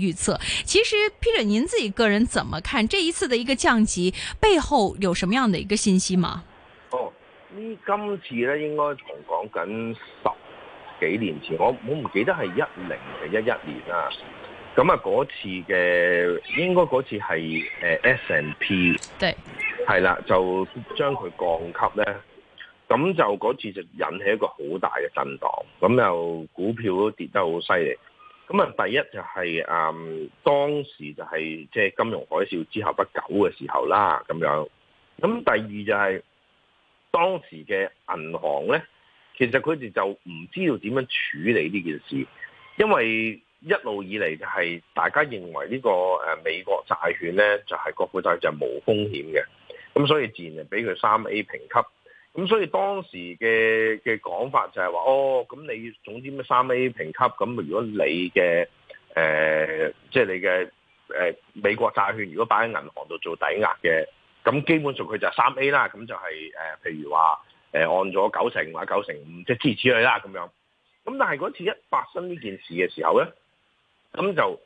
預測，其實 Peter 您自己個人怎麼看這一次的一個降級背後有什麼樣的一個信息嗎？哦，呢今次咧應該同講緊十幾年前，我我唔記得係一零定一一年啦。咁啊，嗰次嘅，應該嗰次係誒 S&P 對，係啦，就將佢降級咧，咁就嗰次就引起一個好大嘅震蕩，咁又股票都跌得好犀利。咁啊，第一就係、是、誒、嗯、當時就係即係金融海嘯之後不久嘅時候啦，咁樣。咁第二就係、是、當時嘅銀行咧，其實佢哋就唔知道點樣處理呢件事，因為一路以嚟就係大家認為呢個誒美國債券咧就係、是、國庫債就係冇風險嘅，咁、嗯、所以自然就俾佢三 A 評級。咁所以當時嘅嘅講法就係話，哦，咁你總之咩三 A 評級，咁如果你嘅誒，即、呃、係、就係、你嘅誒、呃、美國債券，如果擺喺銀行度做抵押嘅，咁基本上佢就係三 A 啦，咁就係、係、誒、呃，譬如話誒、呃、按咗九成或者九成五，即係諸如此類啦，咁樣。咁但係嗰次一發生呢件事嘅時候咧，咁就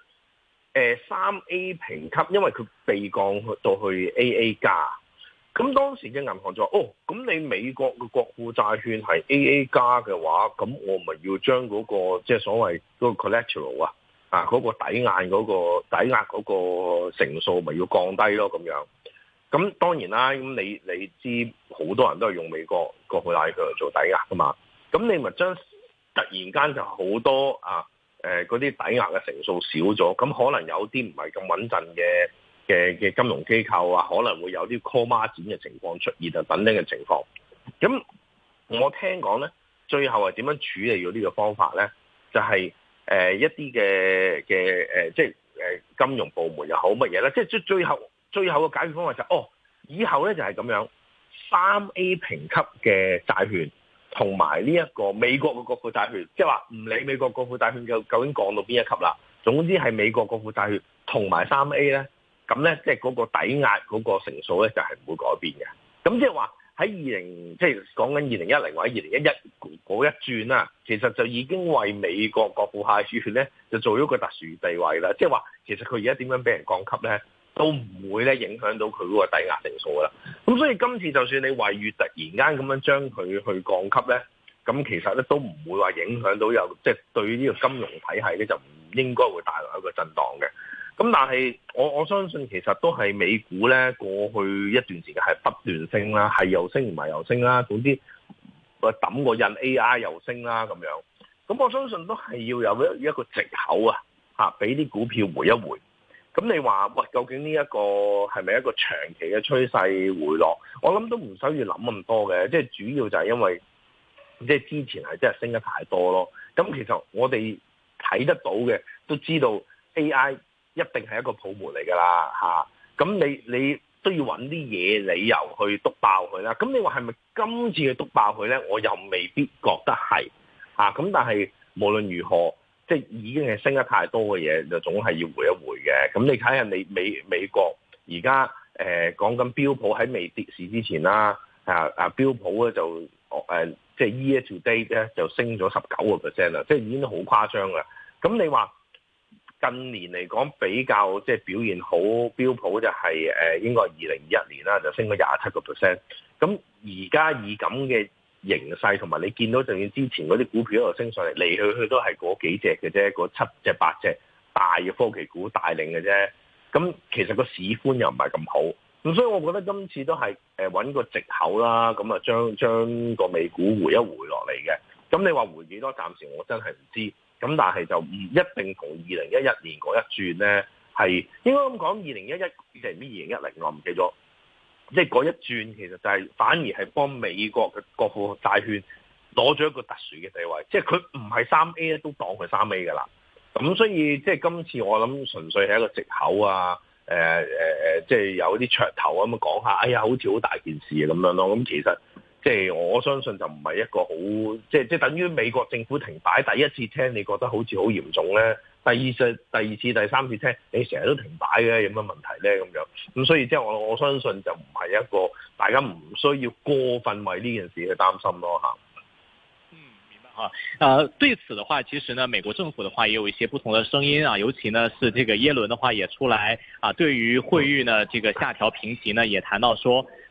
誒三、呃、A 評級，因為佢被降去到去 AA 加。咁當時嘅銀行就話：哦，咁你美國嘅國庫債券係 AA 加嘅話，咁我咪要將嗰個即係所謂嗰個 collateral 啊，啊嗰個抵押嗰個抵押嗰個成數咪要降低咯，咁樣。咁當然啦，咁你你知好多人都係用美國國庫債券去做抵押噶嘛，咁你咪將突然間就好多啊誒嗰啲抵押嘅成數少咗，咁可能有啲唔係咁穩陣嘅。嘅嘅金融機構啊，可能會有啲 call 孖展嘅情況出現啊，等等嘅情況。咁我聽講呢，最後係點樣處理咗呢個方法呢？就係、係、誒、呃、一啲嘅嘅誒，即係、呃就係、金融部門又好乜嘢呢？即係最最後最後嘅解決方法就係、哦，以後呢就係咁樣三 A 評級嘅債券同埋呢一個美國嘅國庫債券，即係話唔理美國國庫債券究竟降到邊一級啦，總之係美國國庫債券同埋三 A 呢。咁咧，即係嗰個抵押嗰個成數咧，就係、是、唔會改變嘅。咁即係話喺二零，20，即係講緊二零一零或者二零一一嗰一轉啦，其實就已經為美國國庫債券咧，就做咗個特殊地位啦。即係話，其實佢而家點樣俾人降級咧，都唔會咧影響到佢嗰個抵押成數啦。咁所以今次就算你惠譽突然間咁樣將佢去降級咧，咁其實咧都唔會話影響到有，即、就、係、是、對呢個金融體系咧，就唔應該會帶來一個震盪嘅。咁但係我我相信，其實都係美股咧過去一段時間係不斷升啦，係又升唔係又升啦，總之揼個印 AI 又升啦咁樣。咁我相信都係要有一個一個藉口啊，嚇俾啲股票回一回。咁你話喂，究竟呢一個係咪一個長期嘅趨勢回落？我諗都唔需要諗咁多嘅，即係主要就係因為即係之前係真係升得太多咯。咁其實我哋睇得到嘅都知道 AI。一定係一個泡沫嚟㗎啦吓，咁你你都要揾啲嘢理由去篤爆佢啦。咁你話係咪今次去篤爆佢咧？我又未必覺得係吓。咁但係無論如何，即係已經係升得太多嘅嘢，就總係要回一回嘅。咁你睇下你美美國而家誒講緊標普喺未跌市之前啦，啊啊標普咧就即係 year-to-date 咧就升咗十九個 percent 啦，即係已經好誇張啦。咁你話？近年嚟講比較即係表現好，標普就係、是、誒應該二零二一年啦，就升咗廿七個 percent。咁而家以咁嘅形勢，同埋你見到就算之前嗰啲股票又升上嚟，嚟去去都係嗰幾隻嘅啫，嗰七隻八隻大嘅科技股帶領嘅啫。咁其實個市寬又唔係咁好。咁所以我覺得今次都係誒揾個藉口啦，咁啊將將個美股回一回落嚟嘅。咁你話回幾多？暫時我真係唔知。咁但係就唔一定同二零一一年嗰一轉咧，係應該咁講，二零、就是、一一二零二零一零我唔記咗，即係嗰一轉其實就係、是、反而係幫美國嘅國庫債券攞咗一個特殊嘅地位，即係佢唔係三 A 咧都當佢三 A 嘅啦。咁所以即係、就是、今次我諗純粹係一個藉口啊，誒誒誒，即、呃、係、就是、有啲噱頭咁講下，哎呀好似好大件事咁樣咯，咁其實。即係我相信就唔係一個好，即係即係等於美國政府停擺。第一次聽你覺得好似好嚴重咧，第二次、第二次、第三次聽，你成日都停擺嘅，有乜問題咧？咁樣咁所以即係我我相信就唔係一個大家唔需要過分為呢件事去擔心咯嚇。嗯，明白啊、呃，對此的話，其實呢美國政府的話也有一些不同的聲音啊，尤其呢是這個耶倫的話也出來啊，對於匯率呢這個下調評級呢，也談到說。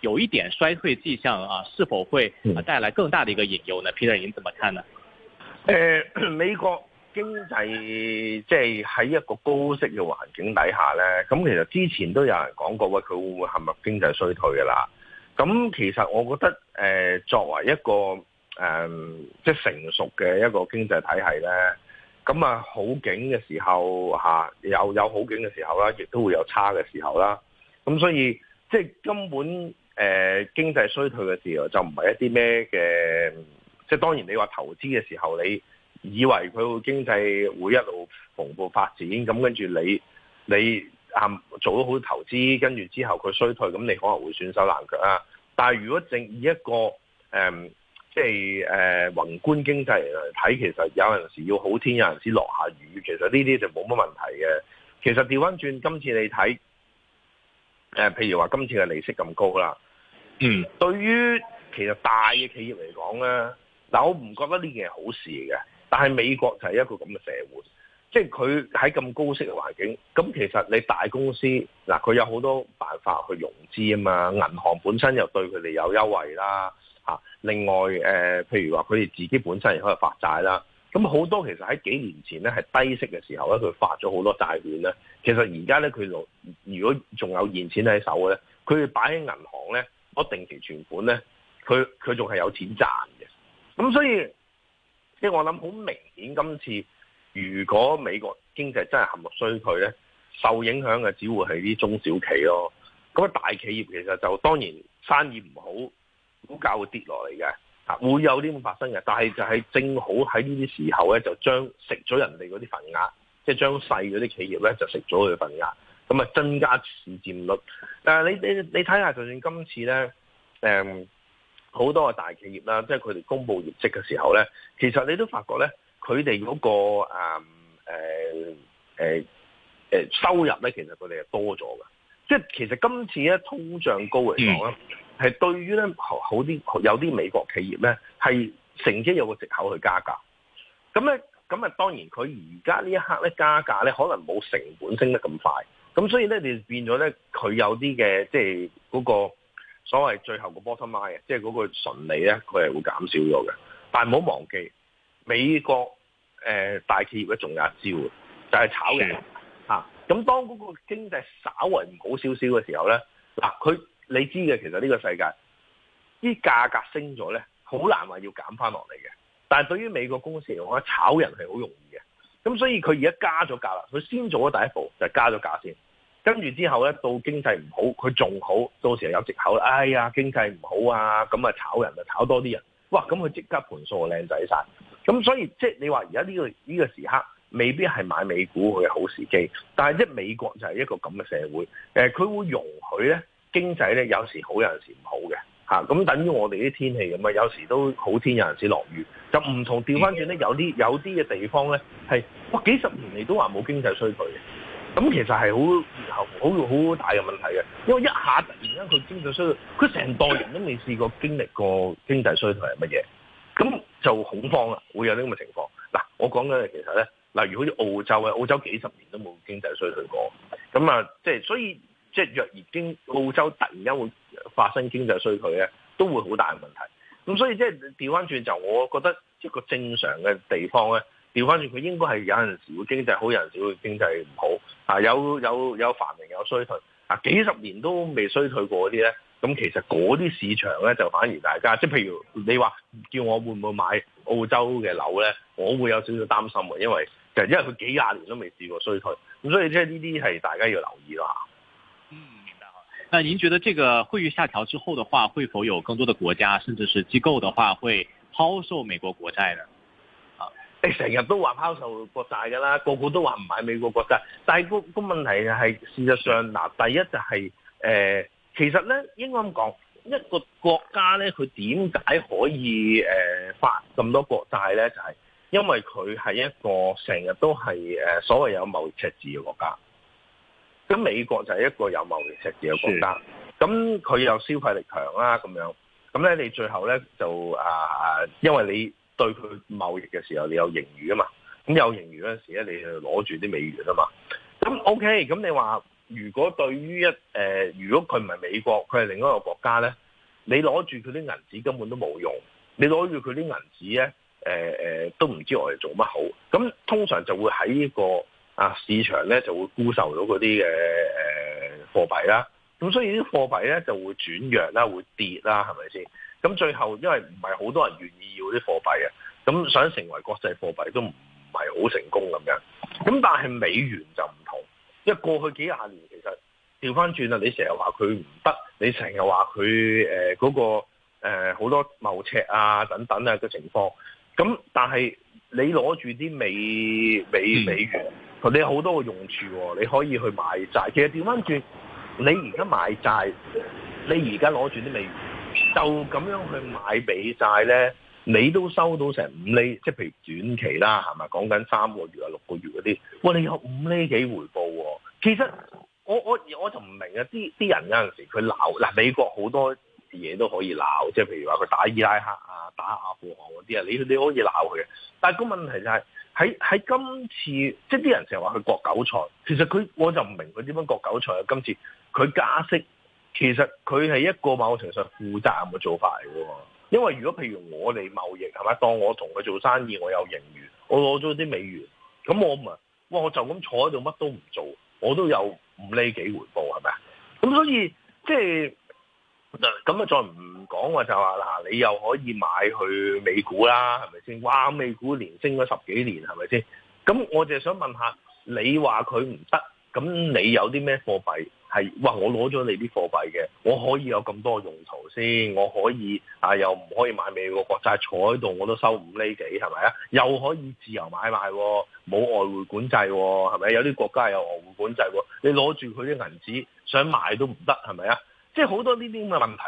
有一點衰退跡象啊，是否會帶來更大的一個隱憂呢？Peter，您怎麼看呢？誒、呃，美國經濟即係喺一個高息嘅環境底下呢，咁其實之前都有人講過，佢會唔會係咪經濟衰退噶啦？咁其實我覺得作為一個誒、呃，即係成熟嘅一個經濟體系呢，咁啊好景嘅時候吓有有好景嘅時候啦，亦都會有差嘅時候啦。咁所以即係根本。誒經濟衰退嘅時候，就唔係一啲咩嘅，即係當然你話投資嘅時候，你以為佢經濟會一路蓬勃發展，咁跟住你你啊做咗好多投資，跟住之後佢衰退，咁你可能會損手爛腳啊。但係如果正以一個誒、嗯、即係誒宏觀經濟嚟睇，其實有陣時要好天，有陣時落下雨，其實呢啲就冇乜問題嘅。其實調翻轉今次你睇誒，譬如話今次嘅利息咁高啦。嗯，對於其實大嘅企業嚟講咧，嗱，我唔覺得呢件係好事嘅。但係美國就係一個咁嘅社會，即係佢喺咁高息嘅環境，咁其實你大公司嗱，佢有好多辦法去融資啊嘛，銀行本身又對佢哋有優惠啦，嚇。另外誒、呃，譬如話佢哋自己本身亦可以發債啦。咁好多其實喺幾年前咧係低息嘅時候咧，佢發咗好多債券咧。其實而家咧佢就如果仲有現錢喺手嘅咧，佢要擺喺銀行咧。我定期存款咧，佢佢仲係有錢賺嘅，咁所以即係我諗好明顯，今次如果美國經濟真係陷入衰退咧，受影響嘅只會係啲中小企咯。咁大企業其實就當然生意唔好，股價會跌落嚟嘅，嚇會有啲咁發生嘅。但係就係正好喺呢啲時候咧，就將食咗人哋嗰啲份額，即係將細嗰啲企業咧就食咗佢份額。咁啊，增加市佔率。誒，你你你睇下，就算今次咧，誒、嗯，好多嘅大企業啦，即係佢哋公佈業績嘅時候咧，其實你都發覺咧、那個，佢哋嗰個誒誒誒收入咧，其實佢哋係多咗嘅。即係其實今次咧通脹高嚟講咧，係、嗯、對於咧好啲有啲美國企業咧，係乘機有個藉口去加價。咁咧，咁啊，當然佢而家呢一刻咧加價咧，可能冇成本升得咁快。咁所以咧，你變咗咧，佢有啲嘅即係嗰個所謂最後個 bottom line，即係嗰個純利咧，佢係會減少咗嘅。但係唔好忘記，美國、呃、大企業嘅重壓招仲有一招就係、是、炒人嚇。咁、啊、當嗰個經濟稍微唔好少少嘅時候咧，嗱，佢你知嘅，其實呢個世界啲價格升咗咧，好難話要減翻落嚟嘅。但係對於美國公司嚟講，炒人係好容易嘅。咁所以佢而家加咗價啦，佢先做咗第一步就係加咗價先，跟住之後咧到經濟唔好，佢仲好到時候有藉口。哎呀，經濟唔好啊，咁啊炒人啊，炒多啲人哇！咁佢即刻盤數靚仔晒。咁所以即係你話而家呢個呢個時刻未必係買美股佢嘅好時機，但係即係美國就係一個咁嘅社會呃、佢會容許咧經濟咧有時好有時唔好嘅。咁、啊、等於我哋啲天氣咁啊，有時都好天，有陣時落雨。就唔同掉返轉咧，有啲有啲嘅地方咧，係哇幾十年嚟都話冇經濟衰退嘅。咁其實係好好好大嘅問題嘅，因為一下突然間佢經濟衰退，佢成代人都未試過經歷過經濟衰退係乜嘢？咁就恐慌啦，會有啲咁嘅情況。嗱、啊，我講緊嘅其實咧，例如好似澳洲啊，澳洲幾十年都冇經濟衰退過，咁啊，即係所以。即係若然經澳洲突然間會發生經濟衰退咧，都會好大嘅問題。咁所以即係調返轉就，我覺得一個正常嘅地方咧，調返轉佢應該係有陣時會經濟好，有陣時會經濟唔好。啊，有有有繁榮有衰退。啊，幾十年都未衰退過嗰啲咧，咁其實嗰啲市場咧就反而大家即係譬如你話叫我會唔會買澳洲嘅樓咧，我會有少少擔心嘅，因為就因為佢幾廿年都未試過衰退，咁所以即係呢啲係大家要留意咯。但您覺得這個匯率下調之後的話，會否有更多的國家甚至是機構的話會拋售美國國債呢？成日、哎、都話拋售國債噶啦，個個都話唔買美國國債，但係個，個問題就係事實上嗱，第一就係、是、誒、呃，其實咧應該咁講，一個國家咧佢點解可以誒、呃、發咁多國債呢？就係、是、因為佢係一個成日都係誒、呃、所謂有貿易赤字嘅國家。咁美國就係一個有貿易赤字嘅國家，咁佢又消費力強啦、啊，咁樣，咁咧你最後咧就、啊、因為你對佢貿易嘅時候你有盈餘啊嘛，咁有盈餘嗰陣時咧，你就攞住啲美元啊嘛，咁 OK，咁你話如果對於一、呃、如果佢唔係美國，佢係另一個國家咧，你攞住佢啲銀紙根本都冇用，你攞住佢啲銀紙咧，誒、呃、誒都唔知我哋做乜好，咁通常就會喺一個。啊，市場咧就會沽售到嗰啲嘅誒貨幣啦，咁、呃、所以啲貨幣咧就會轉弱啦，會跌啦，係咪先？咁最後因為唔係好多人願意要啲貨幣啊，咁想成為國際貨幣都唔係好成功咁樣。咁但係美元就唔同，因為過去幾廿年其實調翻轉啦，你成日話佢唔得，你成日話佢誒嗰個。誒，好、呃、多貿赤啊，等等啊嘅情況，咁、嗯、但係你攞住啲美美美元，佢哋有好多個用處、哦，你可以去買債。其實調翻轉，你而家買債，你而家攞住啲美元，就咁樣去買美債咧，你都收到成五厘，即係譬如短期啦，係咪講緊三個月啊、六個月嗰啲？喂，你有五厘幾回報、哦？其實我我我就唔明啊，啲啲人有陣時佢鬧嗱，美國好多。嘢都可以鬧，即係譬如話佢打伊拉克啊、打阿富汗嗰啲啊，你你可以鬧佢。但係個問題就係喺喺今次，即係啲人成日話佢割韭菜，其實佢我就唔明佢點樣割韭菜啊。今次佢加息，其實佢係一個某程度上負責任嘅做法嚟喎。因為如果譬如我哋貿易係咪當我同佢做生意，我有盈餘，我攞咗啲美元，咁我唔啊，哇！我就咁坐喺度乜都唔做，我都有五厘幾回報係咪啊？咁所以即係。咁啊，再唔講話就話嗱，你又可以買去美股啦，係咪先？哇，美股連升咗十幾年，係咪先？咁我就想問下，你話佢唔得，咁你有啲咩貨幣係？哇！我攞咗你啲貨幣嘅，我可以有咁多用途先？我可以啊，又唔可以買美國國債坐喺度，我都收五厘幾，係咪啊？又可以自由買賣，冇外匯管制，係咪？有啲國家有外匯管制，你攞住佢啲銀紙想買都唔得，係咪啊？即係好多呢啲咁嘅問題，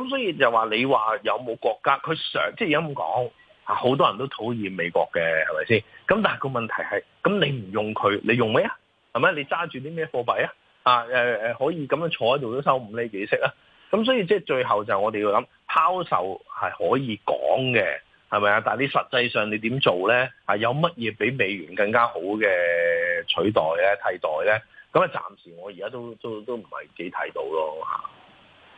咁所以就話你話有冇國家佢想即係而家咁講，好多人都討厭美國嘅係咪先？咁但係個問題係，咁你唔用佢，你用咩啊？係咪你揸住啲咩貨幣啊？啊誒誒，可以咁樣坐喺度都收五厘幾息啊？咁所以即係最後就我哋要諗拋售係可以講嘅，係咪啊？但係你實際上你點做咧？係有乜嘢比美元更加好嘅取代咧、替代咧？咁啊，暫時我而家都都都唔係幾睇到咯。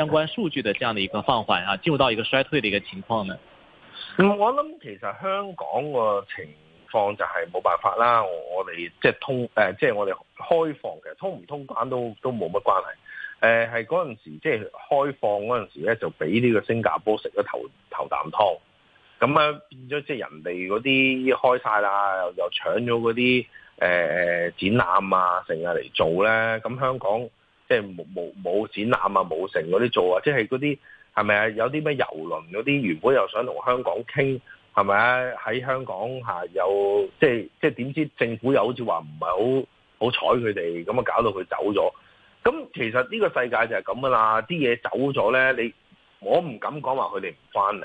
相關數據的這樣的一個放緩啊，進入到一個衰退的一個情況呢？咁、嗯、我諗其實香港個情況就係冇辦法啦。我我哋即係通誒，即係、呃、我哋開放嘅，通唔通關都都冇乜關係。誒係嗰陣時即係開放嗰陣時咧，就俾呢個新加坡食咗頭頭啖湯。咁啊變咗即係人哋嗰啲開晒啦，又搶咗嗰啲誒誒展覽啊，成日嚟做咧。咁、嗯、香港。即係冇冇冇展覽啊，冇成嗰啲做啊，即係嗰啲係咪啊？是不是有啲咩郵輪嗰啲原本又想同香港傾係咪啊？喺香港嚇、啊、有即係即係點知政府又好似話唔係好好睬佢哋咁啊，咪搞到佢走咗。咁其實呢個世界就係咁噶啦，啲嘢走咗咧，你我唔敢講話佢哋唔翻嚟，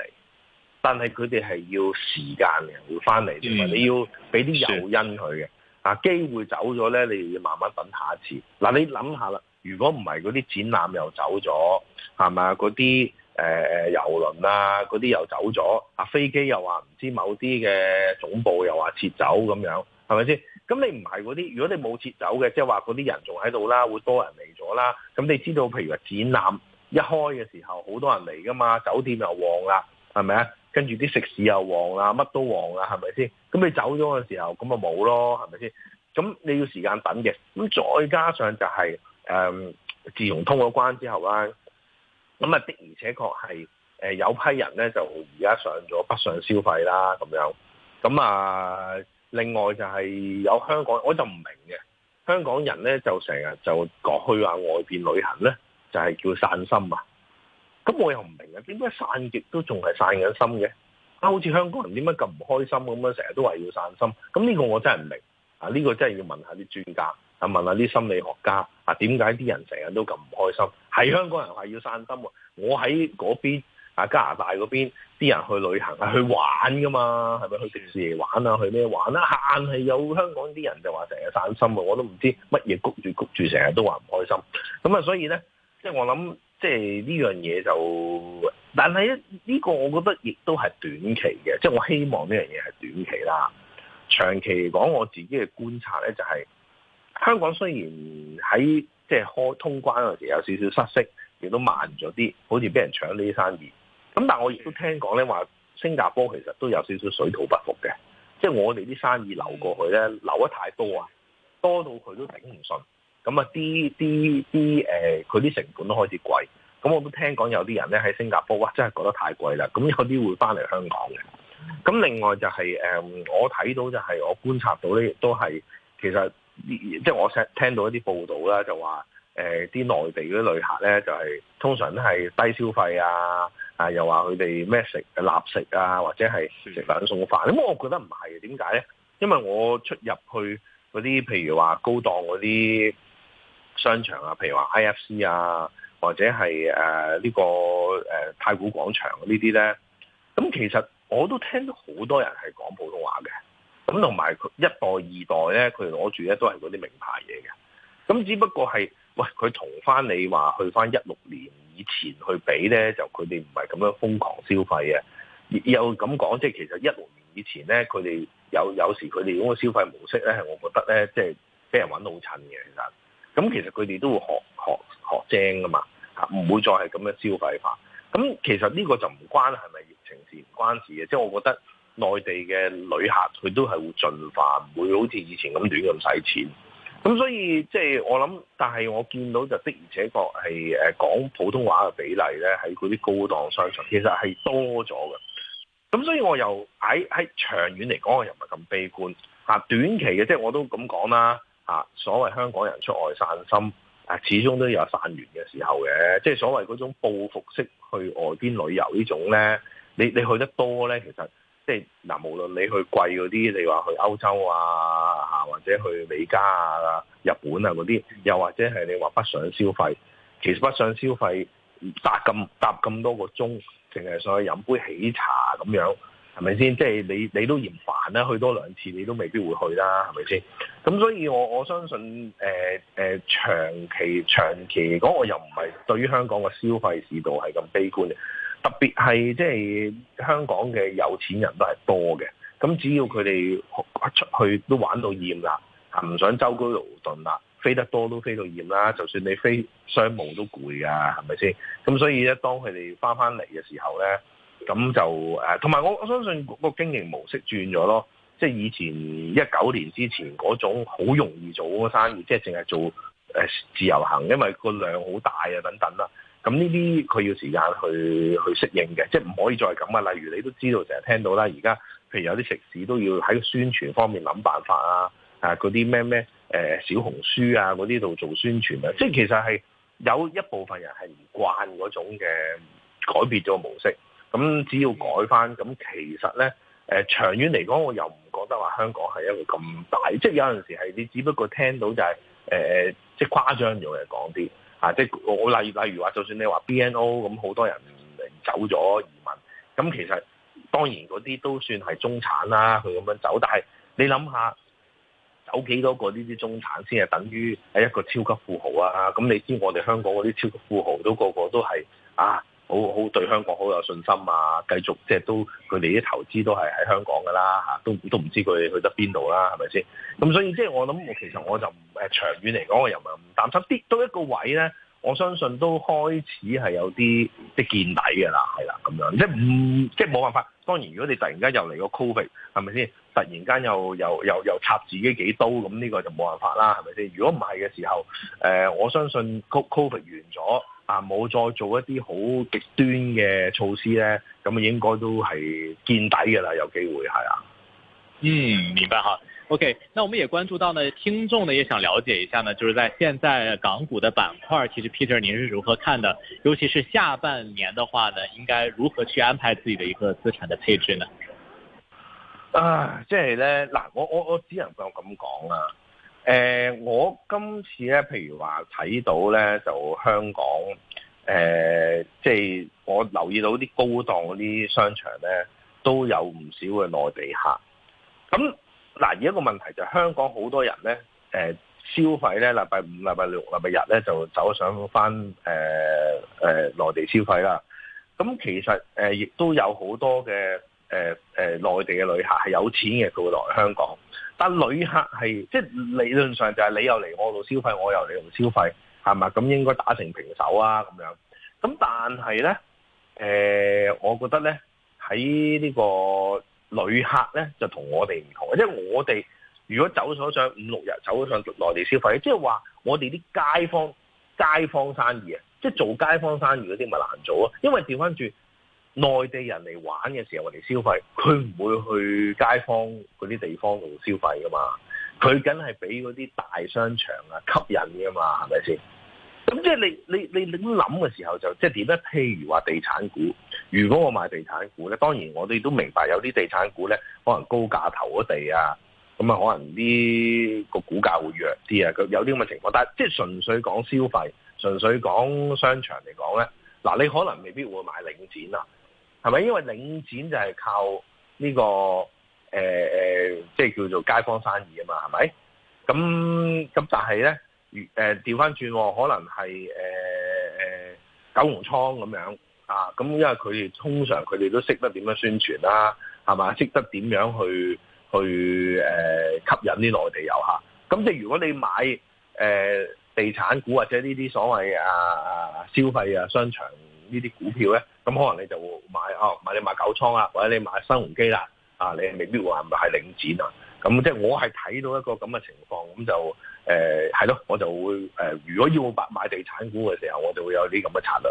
但係佢哋係要時間嘅，會翻嚟，同埋你要俾啲誘因佢嘅了啊，機會走咗咧，你要慢慢等下一次嗱、啊。你諗下啦。如果唔係嗰啲展覽又走咗，係咪？嗰啲誒遊輪啊，嗰啲又走咗，啊飛機又話唔知某啲嘅總部又話撤走咁樣，係咪先？咁你唔係嗰啲，如果你冇撤走嘅，即係話嗰啲人仲喺度啦，會多人嚟咗啦。咁你知道，譬如話展覽一開嘅時候，好多人嚟噶嘛，酒店又旺啦，係咪啊？跟住啲食肆又旺啦，乜都旺啊，係咪先？咁你走咗嘅時候，咁咪冇咯，係咪先？咁你要時間等嘅，咁再加上就係。誒、嗯，自從通過關之後啦，咁啊的而且確係誒有批人咧，就而家上咗北上消費啦，咁樣，咁啊另外就係有香港，我就唔明嘅，香港人咧，就成日就講去下外邊旅行咧，就係叫散心啊，咁我又唔明嘅，點解散極都仲係散緊心嘅？啊，好似香港人點解咁唔開心咁樣，成日都話要散心，咁呢個我真係唔明啊，呢、呢個真係要問下啲專家。啊！問下啲心理學家啊，點解啲人成日都咁唔開心？係香港人話要散心喎。我喺嗰邊啊，加拿大嗰邊啲人去旅行係、啊、去玩噶嘛，係咪去迪士尼玩啊？去咩玩啊？硬係有香港啲人就話成日散心喎，我都唔知乜嘢谷住谷住，成日都話唔開心。咁啊，所以咧，即係我諗，即係呢樣嘢就，但係呢、這個我覺得亦都係短期嘅，即係我希望呢樣嘢係短期啦。長期嚟講，我自己嘅觀察咧就係。香港雖然喺即係開通關嗰時有少少失色，亦都慢咗啲，好似俾人搶呢啲生意。咁但係我亦都聽講咧話，新加坡其實都有少少水土不服嘅，即係我哋啲生意流過去咧，流得太多啊，多到佢都頂唔順。咁啊，啲啲啲誒，佢啲成本都開始貴。咁我都聽講有啲人咧喺新加坡啊，真係覺得太貴啦。咁有啲會翻嚟香港嘅。咁另外就係誒，我睇到就係我觀察到咧，亦都係其實。即係我聽到一啲報道啦、呃，就話誒啲內地嗰啲旅客咧，就係通常都係低消費啊，啊又話佢哋咩食垃圾啊，或者係食兩餸飯。咁、嗯、我覺得唔係，點解咧？因為我出入去嗰啲，譬如話高檔嗰啲商場啊，譬如話 IFC 啊，或者係誒呢個、呃、太古廣場呢啲咧，咁其實我都聽到好多人係講普通話嘅。咁同埋佢一代二代咧，佢攞住咧都係嗰啲名牌嘢嘅。咁只不過係，喂，佢同翻你話去翻一六年以前去比咧，就佢哋唔係咁樣瘋狂消費嘅。又咁講，即係其實一六年以前咧，佢哋有有時佢哋嗰個消費模式咧，係我覺得咧，即係俾人搵到好襯嘅。其實，咁其實佢哋都會學學，學精噶嘛，嚇唔、嗯、會再係咁樣消費法。咁其實呢個就唔關係咪疫情事唔關事嘅，即係我覺得。內地嘅旅客佢都係會進化，唔會好似以前咁亂咁使錢。咁所以即係，就是，我諗，但係我見到就的而且確係誒，講普通話嘅比例咧，喺嗰啲高檔商場其實係多咗嘅。咁所以我又喺喺長遠嚟講，我又唔係咁悲觀。嚇、啊、短期嘅即係我都咁講啦。嚇、啊、所謂香港人出外散心，啊始終都有散完嘅時候嘅。即、就、係、是、所謂嗰種報復式去外邊旅遊這種呢種咧，你你去得多咧，其實～即係嗱，無論你去貴嗰啲，你話去歐洲啊，或者去美加啊、日本啊嗰啲，又或者係你話不想消費，其實不想消費搭咁搭咁多個鐘，淨係想去飲杯喜茶咁樣，係咪先？即係你你都嫌煩啦、啊，去多兩次你都未必會去啦，係咪先？咁所以我我相信誒誒、呃呃、長期長期嗰、那個又唔係對於香港嘅消費市道係咁悲觀嘅。特別係即係香港嘅有錢人都係多嘅，咁只要佢哋出去都玩到厭啦，唔想舟車勞頓啦，飛得多都飛到厭啦，就算你飛商務都攰啊，係咪先？咁所以咧，當佢哋返返嚟嘅時候咧，咁就誒，同埋我我相信個經營模式轉咗咯，即係以前一九年之前嗰種好容易做嘅生意，即係淨係做誒自由行，因為個量好大啊，等等啦。咁呢啲佢要時間去去適應嘅，即係唔可以再咁啊！例如你都知道成日聽到啦，而家譬如有啲食肆都要喺宣傳方面諗辦法啊，啊嗰啲咩咩誒小紅書啊嗰啲度做宣傳啊，即係其實係有一部分人係唔慣嗰種嘅改變咗模式。咁只要改返，咁其實咧、呃、長遠嚟講，我又唔覺得話香港係一個咁大，即係有陣時係你只不過聽到就係、是、誒、呃、即係誇張咗嚟講啲。啊！即係我例例如話，就算你話 BNO 咁，好多人走咗移民，咁其實當然嗰啲都算係中產啦。佢咁樣走，但係你諗下，走幾多個呢啲中產先係等於係一個超級富豪啊？咁你知我哋香港嗰啲超級富豪都個個都係啊！好好對香港好有信心啊！繼續即係都佢哋啲投資都係喺香港噶啦吓，都都唔知佢去得邊度啦，係咪先？咁所以即係我諗，我其實我就誒長遠嚟講，我又唔係唔擔心跌到一個位咧。我相信都開始係有啲即係見底嘅啦，係啦咁樣，即係唔即係冇辦法。當然，如果你突然間又嚟個 covid，係咪先？突然間又又又又插自己幾刀，咁呢個就冇辦法啦，係咪先？如果唔係嘅時候，呃，我相信 covid 完咗啊，冇再做一啲好極端嘅措施咧，咁應該都係見底㗎啦，有機會係啊。嗯，明白嚇。O、okay, K，那我們也關注到呢，聽眾呢也想了解一下呢，就是在現在港股的板塊，其實 Peter 您是如何看的？尤其是下半年的話呢，應該如何去安排自己的一個資產的配置呢？啊，即係咧嗱，我我我只能夠咁講啊。誒、呃，我今次咧，譬如話睇到咧，就香港誒，即、呃、係、就是、我留意到啲高檔嗰啲商場咧，都有唔少嘅內地客，咁、嗯。嗱，而一個問題就係香港好多人咧，誒、呃、消費咧，禮拜五、禮拜六、禮拜日咧就走上翻誒誒內地消費啦。咁、嗯、其實誒亦、呃、都有好多嘅誒誒內地嘅旅客係有錢嘅，佢會落嚟香港。但旅客係即係理論上就係你又嚟我度消費，我又嚟度消費，係咪？咁、嗯、應該打成平手啊，咁樣。咁、嗯、但係咧，誒、呃，我覺得咧喺呢在、這個。旅客咧就同我哋唔同，即係我哋如果走咗上五六日，走咗上內地消費，即係話我哋啲街坊街坊生意啊，即係做街坊生意嗰啲咪難做咯，因為調翻轉內地人嚟玩嘅時候我哋消費，佢唔會去街坊嗰啲地方度消費噶嘛，佢梗係俾嗰啲大商場啊吸引噶嘛，係咪先？咁即係你你你你諗嘅時候就即係點咧？譬如話地產股。如果我買地產股咧，當然我哋都明白有啲地產股咧，可能高價投咗地啊，咁啊可能啲個股價會弱啲啊，佢有啲咁嘅情況。但係即係純粹講消費，純粹講商場嚟講咧，嗱，你可能未必會買領展啊，係咪？因為領展就係靠呢、這個誒誒、呃，即係叫做街坊生意啊嘛，係咪？咁咁但係咧，誒調返轉可能係誒誒九龍倉咁樣。啊，咁因為佢哋通常佢哋都識得點樣宣傳啦、啊，係嘛，識得點樣去去誒、呃、吸引啲內地遊客。咁即係如果你買誒、呃、地產股或者呢啲所謂啊啊消費啊商場呢啲股票咧，咁可能你就買啊買你買九倉啊，或者你買新鴻基啦，啊你未必話係領展啊。咁即係我係睇到一個咁嘅情況，咁就誒係咯，我就會誒、呃、如果要買，買地產股嘅時候，我就會有啲咁嘅策略。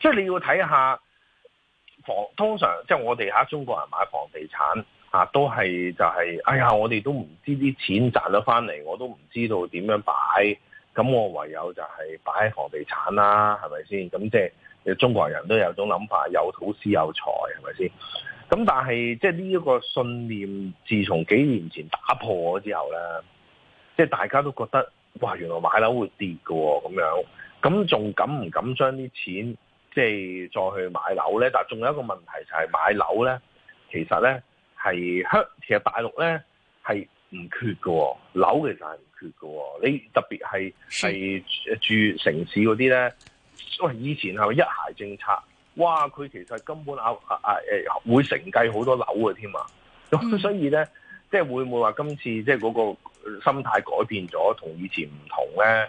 即係你要睇下房，通常即係我哋吓中國人買房地產啊，都係就係、是、哎呀，我哋都唔知啲錢賺咗翻嚟，我都唔知道點樣擺，咁我唯有就係擺喺房地產啦，係咪先？咁即係中國人，都有種諗法，有土斯有財，係咪先？咁但係即係呢一個信念，自從幾年前打破咗之後咧，即係大家都覺得哇，原來買樓會跌噶、哦，咁樣，咁仲敢唔敢將啲錢？即係再去買樓咧，但係仲有一個問題就係買樓咧，其實咧係香，其實大陸咧係唔缺嘅喎、哦，樓其實係唔缺嘅喎、哦。你特別係係住城市嗰啲咧，因為以前係一孩政策，哇！佢其實根本啊啊誒、啊、會承繼好多樓嘅添啊。咁、嗯、所以咧，即係會唔會話今次即係嗰個心態改變咗，同以前唔同咧？